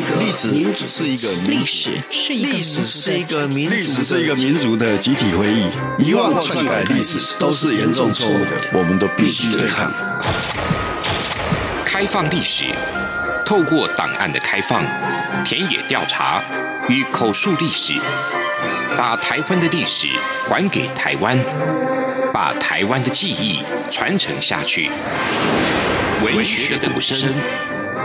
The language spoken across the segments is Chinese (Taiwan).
歷史是一個歷史是一個歷史是一個民族的，民族的集體回憶，遺忘或篡改歷史都是嚴重錯誤的，我們都必須對抗。開放歷史，透過檔案的開放、田野調查與口述歷史，把台灣的歷史還給台灣，把台灣的記憶傳承下去。文學的古聲。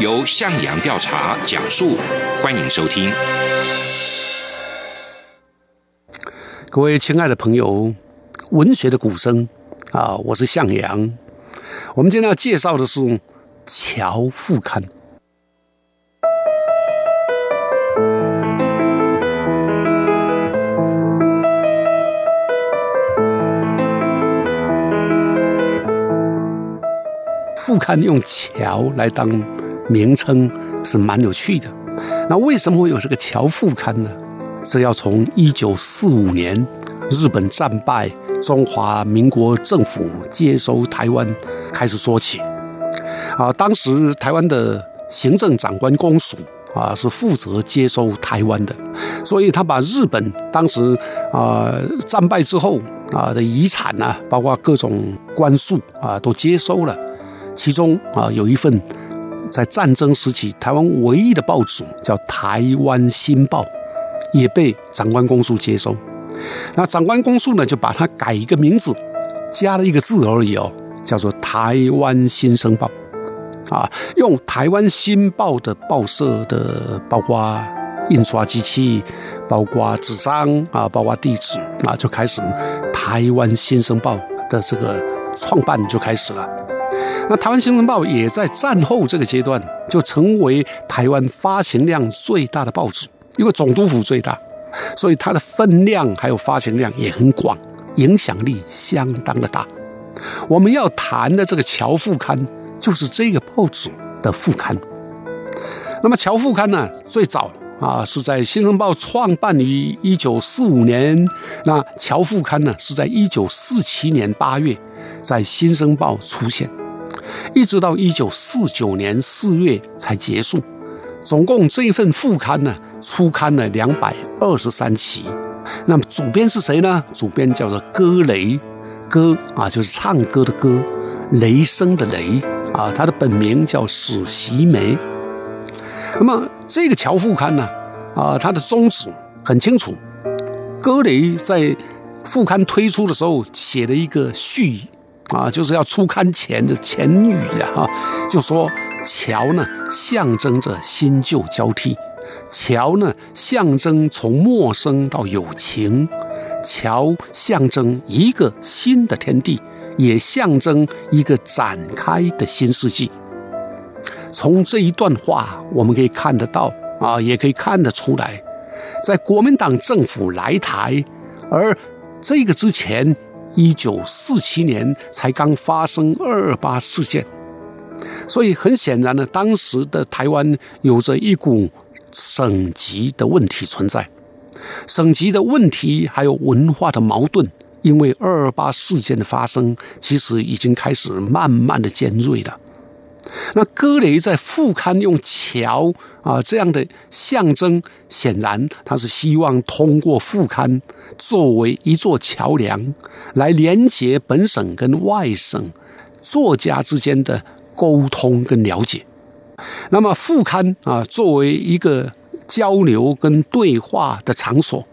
由向陽調查講述，歡迎收聽，各位親愛的朋友，文學的鼓聲啊，我是向陽。我們今天要介紹的是《橋》副刊。副刊用“橋”來當。名稱是蠻有趣的，那為什麼會有這個《橋》副刊呢？這要從一九四五年日本戰敗、中華民國政府接收台灣開始說起。啊，當時台灣的行政長官公署啊，是負責接收台灣的，所以他把日本當時啊戰敗之後啊的遺產啊，包括各種官署啊，都接收了，其中啊有一份。在戰爭時期，台灣唯一的報紙叫《台灣新報》，也被長官公署接收。那長官公署呢，就把它改一個名字，加了一個字而已哦，叫做《台灣新生報》啊。用《台灣新報》的報社的，包括印刷機器，包括紙張啊，包括地址啊，就開始《台灣新生報》的這個創辦就開始了。那台灣《新生報》也在戰後這個階段就成為台灣發行量最大的報紙，因為總督府最大，所以它的分量還有發行量也很廣，影響力相當的大。我們要談的這個《橋》副刊就是這個報紙的副刊。那麼《橋》副刊呢，最早啊是在《新生報》創辦於1945年，那《橋》副刊呢是在1947年8月在《新生報》出現。一直到一九四九年四月才結束，總共這一份副刊呢，出刊了兩百二十三期。那麼主編是誰呢？主編叫做歌雷，歌啊就是唱歌的歌，雷聲的雷啊。他的本名叫史習枚。那麼這個橋副刊呢，啊，它的宗旨很清楚。歌雷在副刊推出的時候寫了一個序。啊，就是要出刊前的前語呀！哈，就說橋呢，象徵着新舊交替；橋呢，象徵從陌生到友情；橋象徵一個新的天地，也象徵一個展開的新世紀。從這一段話，我們可以看得到，啊，也可以看得出來，在國民黨政府來台而這個之前。一九四七年才剛發生二二八事件，所以很顯然呢，當時的台灣有着一股省籍的問題存在，省籍的問題還有文化的矛盾，因為二二八事件的發生，其實已經開始慢慢的尖銳了。那歌雷在副刊用橋啊這樣的象徵，顯然他是希望通過副刊作為一座橋樑，來連接本省跟外省作家之間的溝通跟了解。那麼副刊啊作為一個交流跟對話的場所，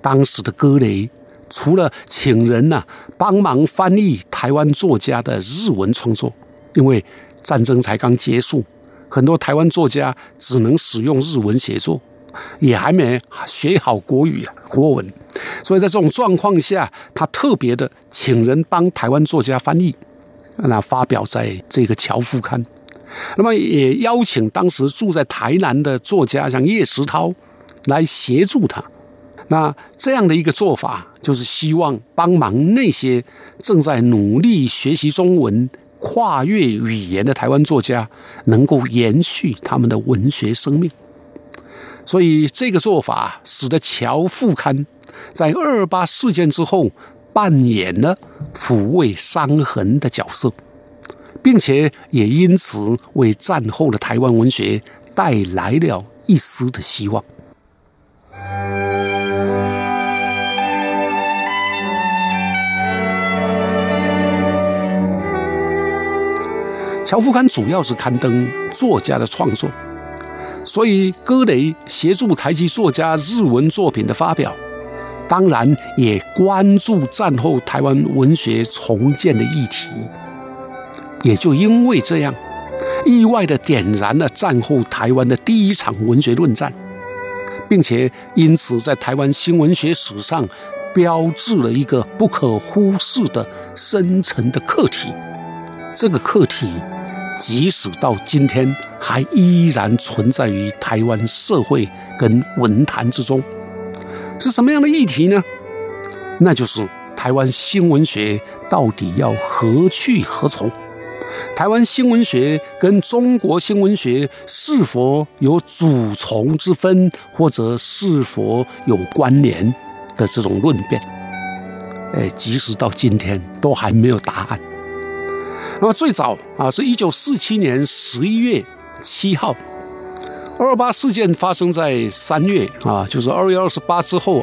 當時的歌雷除了請人呢、啊、幫忙翻譯台灣作家的日文創作，因為。戰爭才剛結束，很多台灣作家只能使用日文寫作，也還沒學好國語國文，所以在這種狀況下，他特別的請人幫台灣作家翻譯，那發表在這個《橋》副刊。那麼也邀請當時住在台南的作家，像葉石濤，來協助他。那這樣的一個做法，就是希望幫忙那些正在努力學習中文。跨越語言的台灣作家能夠延續他們的文學生命，所以這個做法使得《橋》副刊在二八事件之後扮演了撫慰傷痕的角色，並且也因此為戰後的台灣文學帶來了一絲的希望。《橋》副刊主要是刊登作家的創作，所以歌雷協助台籍作家日文作品的發表，當然也關注戰後台灣文學重建的議題。也就因為這樣，意外的點燃了戰後台灣的第一場文學論戰，並且因此在台灣新文學史上標誌了一個不可忽視的深層的課題。這個課題。即使到今天，還依然存在於台灣社會跟文壇之中，是什麼樣的議題呢？那就是台灣新文學到底要何去何從？台灣新文學跟中國新文學是否有主從之分，或者是否有關聯的這種論辯？哎，即使到今天，都還沒有答案。那麼最早啊，是一九四七年十一月七號，二二八事件發生在三月啊，就是二月二十八之後，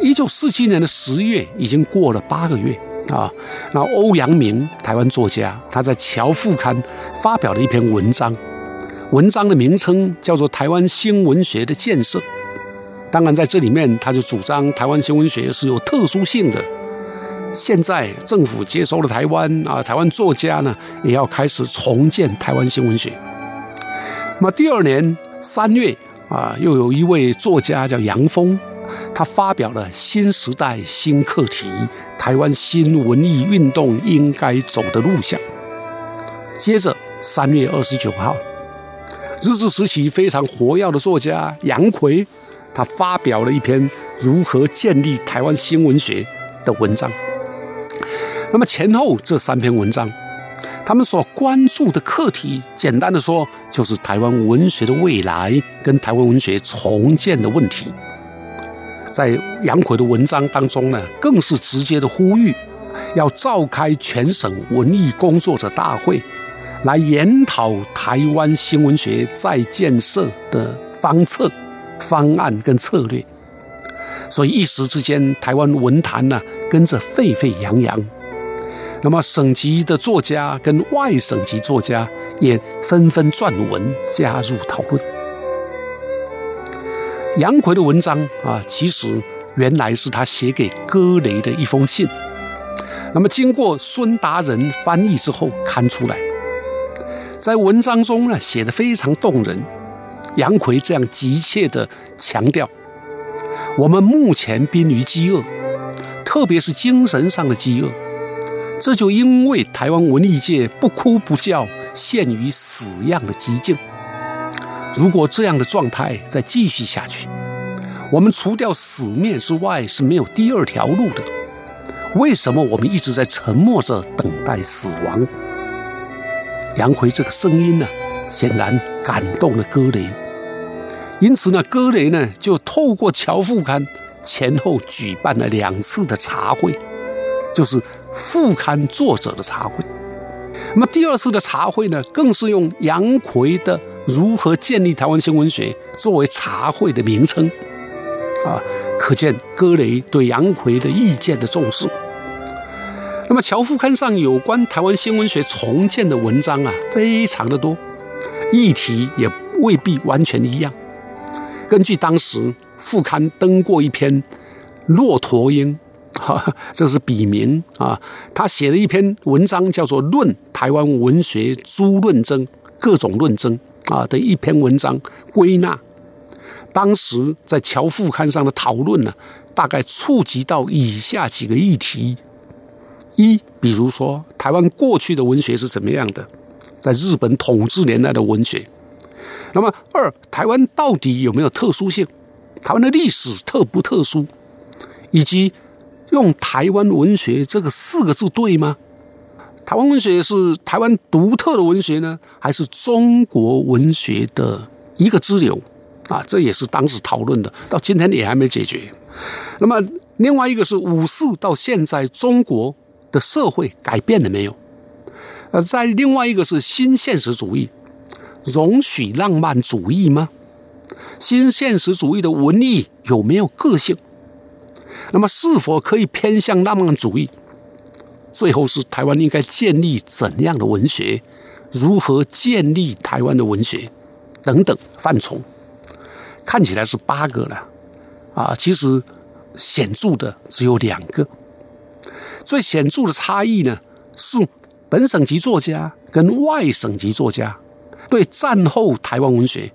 一九四七年的十月已經過了八個月啊。那歐陽明，台灣作家，他在《橋》副刊發表了一篇文章，文章的名稱叫做《台灣新文學的建設》。當然，在這裡面，他就主張台灣新文學是有特殊性的。現在政府接收了台灣啊，台灣作家呢也要開始重建台灣新文學。那第二年三月啊，又有一位作家叫楊峰，他發表了《新時代新課題：台灣新文藝運動應該走的路線》。接着，三月二十九號，日治時期非常活躍的作家楊逵，他發表了一篇如何建立台灣新文學的文章。那麼前後這三篇文章，他們所關注的課題，簡單的說，就是台灣文學的未來跟台灣文學重建的問題。在楊逵的文章當中呢，更是直接的呼籲，要召開全省文藝工作者大會，來研討台灣新文學再建設的方策、方案跟策略。所以一時之間，台灣文壇呢，跟着沸沸揚揚。那麼省籍的作家跟外省籍作家也紛紛撰文加入討論。楊逵的文章啊，其實原來是他寫給歌雷的一封信。那麼經過孫達人翻譯之後刊出來，在文章中呢，寫得非常動人。楊逵這樣急切地強調，我們目前瀕於飢餓，特別是精神上的飢餓。這就因為台灣文藝界不哭不笑，陷於死樣的寂靜。如果這樣的狀態再繼續下去，我們除掉死面之外是沒有第二條路的。為什麼我們一直在沉默着等待死亡？楊奎這個聲音呢，顯然感動了歌雷，因此呢，歌雷呢就透過《僑富刊》，前後舉辦了兩次的茶會，就是。副刊作者的茶會，那麼第二次的茶會呢，更是用楊逵的“如何建立台灣新文學”作為茶會的名稱。啊，可見歌雷對楊逵的意見的重視。那麼，橋副刊上有關台灣新文學重建的文章啊，非常的多，議題也未必完全一樣。根據當時副刊登過一篇《駱駝英哈、啊，這是筆名啊。他寫了一篇文章，叫做《論台灣文學》，諸論爭，各種論爭啊的一篇文章歸納。當時在《橋》副刊上的討論呢，大概觸及到以下幾個議題：一，比如說台灣過去的文學是怎麼樣的，在日本統治年代的文學；那麼二，台灣到底有沒有特殊性？台灣的歷史特不特殊？以及。用“台灣文學”這個四個字對嗎？台灣文學是台灣獨特的文學呢，還是中國文學的一個支流？啊，這也是當時討論的，到今天也還沒解決。那麼，另外一個是五四到現在中國的社會改變了沒有？呃、啊，再另外一個是新現實主義，容許浪漫主義嗎？新現實主義的文藝有沒有個性？那麼，是否可以偏向浪漫主義？最後是台灣應該建立怎樣的文學？如何建立台灣的文學？等等範疇，看起來是八個了，啊，其實顯著的只有兩個。最顯著的差異呢，是本省籍作家跟外省籍作家對戰後台灣文學。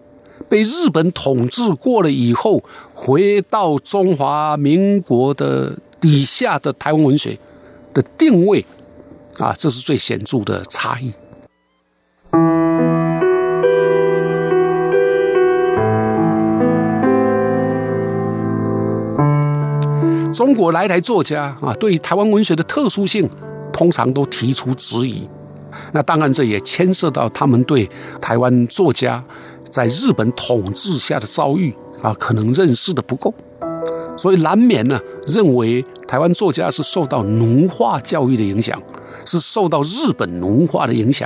被日本統治過了以後，回到中華民國的底下的台灣文學的定位，啊，這是最顯著的差異。中國來台作家啊，對台灣文學的特殊性，通常都提出質疑。那當然，這也牽涉到他們對台灣作家。在日本統治下的遭遇啊，可能認識的不夠，所以難免呢，認為台灣作家是受到奴化教育的影響，是受到日本奴化的影響，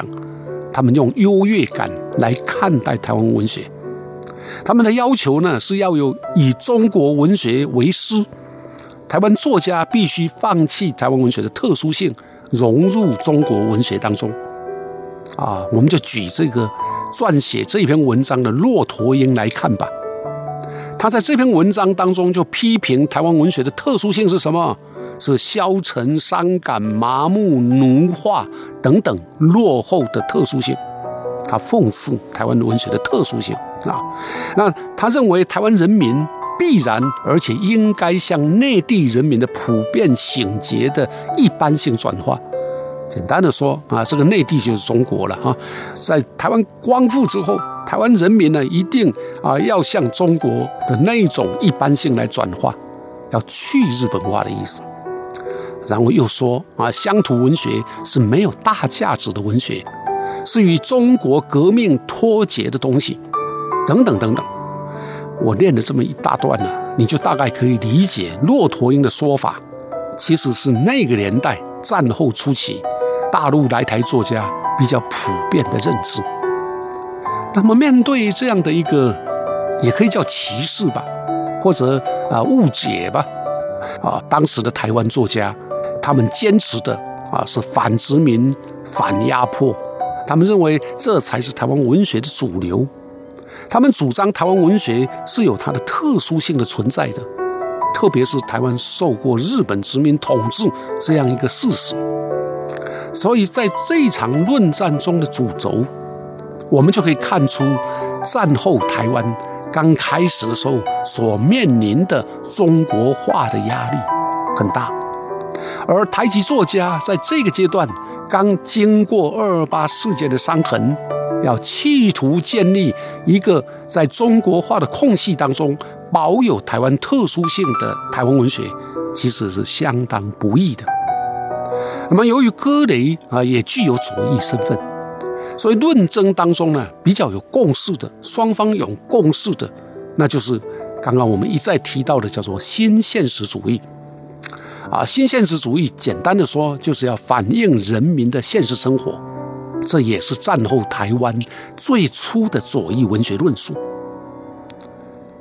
他們用優越感來看待台灣文學，他們的要求呢，是要有以中國文學為師，台灣作家必須放棄台灣文學的特殊性，融入中國文學當中，啊，我們就舉這個撰寫這篇文章的駱駝英來看吧，他在這篇文章當中就批評台灣文學的特殊性是什麼？是消沉、傷感、麻木、奴化等等落後的特殊性。他諷刺台灣文學的特殊性啊，那他認為台灣人民必然而且應該向內地人民的普遍醒覺的一般性轉化。簡單的說啊，這個內地就是中國了哈、啊，在台灣光復之後，台灣人民呢一定啊要向中國的那一種一般性來轉化，要去日本化的意思。然後又說啊，鄉土文學是沒有大價值的文學，是與中國革命脫節的東西，等等等等。我念了這麼一大段呢、啊，你就大概可以理解駱駝英的說法，其實是那個年代戰後初期。大陸來台作家比較普遍的認知。那麼，面對這樣的一個，也可以叫歧視吧，或者啊誤解吧，啊，當時的台灣作家，他們堅持的啊是反殖民、反壓迫，他們認為這才是台灣文學的主流。他們主張台灣文學是有它的特殊性的存在的，特別是台灣受過日本殖民統治這樣一個事實。所以，在這場論戰中的主軸，我們就可以看出，戰後台灣剛開始的時候所面臨的中國化的壓力很大，而台籍作家在這個階段剛經過二二八事件的傷痕，要企圖建立一個在中國化的空隙當中保有台灣特殊性的台灣文學，其實是相當不易的。那麼，由於歌雷啊也具有左翼身份，所以論爭當中呢，比較有共識的，雙方有共識的，那就是剛剛我們一再提到的，叫做新現實主義。啊，新現實主義簡單的說，就是要反映人民的現實生活。這也是戰後台灣最初的左翼文學論述。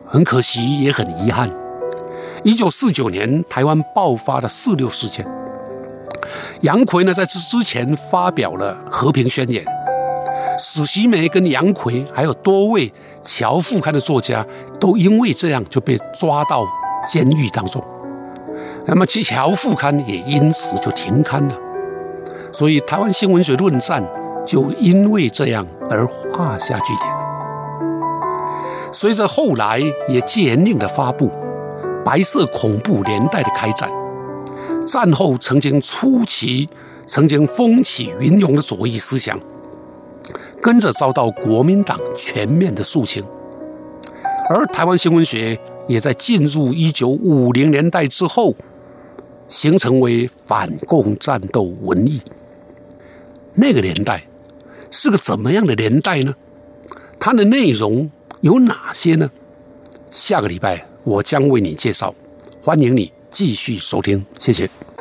很可惜，也很遺憾，一九四九年台灣爆發的四六事件。楊奎呢，在這之前發表了和平宣言，史習枚跟楊奎，還有多位橋副刊的作家，都因為這樣就被抓到監獄當中。那麼，其橋副刊也因此就停刊了。所以，台灣新文學論戰就因為這樣而畫下句點。隨着後來也戒嚴的發布，白色恐怖年代的開展。戰後曾經初期曾經風起雲湧的左翼思想，跟着遭到國民黨全面的肅清，而台灣新文學也在進入一九五零年代之後，形成為反共戰鬥文藝。那個年代是個怎麼樣的年代呢？它的內容有哪些呢？下個禮拜我將為你介紹，歡迎你，繼續收聽，謝謝。